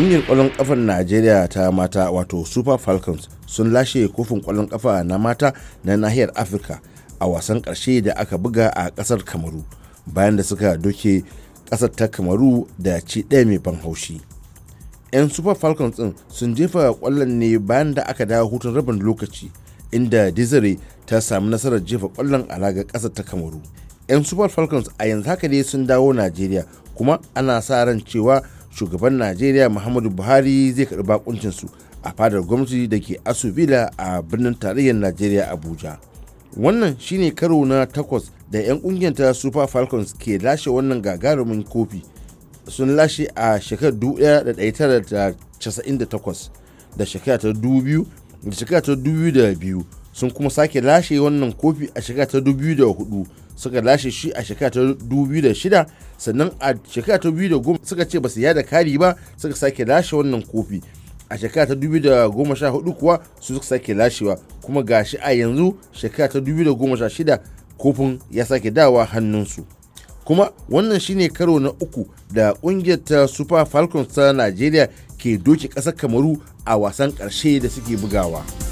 kungiyar kwallon kafar najeriya ta mata wato super falcons sun lashe kofin kwallon kafa na mata na nahiyar afirka a wasan karshe da aka buga a kasar kamaru bayan da suka doke kasar ta kamaru da ci ɗaya mai ban haushi 'yan super falcons din sun jefa kwallon ne bayan da aka dawo hutun rabin lokaci inda dizere ta samu nasarar jefa kwallon alaga kasar ta kamaru 'yan super falcons a yanzu haka ne sun dawo najeriya kuma ana sa ran cewa shugaban najeriya muhammadu buhari zai karɓi bakuncinsu a fadar gwamnati da ke asubila a birnin tarayyar najeriya abuja wannan shine karo na takwas da 'yan kungiyar ta super falcons ke lashe wannan gagarumin kofi sun lashe a shekarar 1998 da shekara ta 2002 sun kuma sake lashe wannan kofi a shekara ta 2004 suka lashe shi a shekara ta 2006 sannan a shekara ta 2010 suka ce ba su yada kari ba suka sake lashe wannan kofi a shekara ta 2014 kuwa su suka sake lashewa kuma gashi a yanzu shekara ta 2016 kofin ya sake dawa hannunsu kuma wannan shine karo na uku da kungiyar ta super falcons ta nigeria ke doke ƙasar kamaru a wasan ƙarshe da suke bugawa.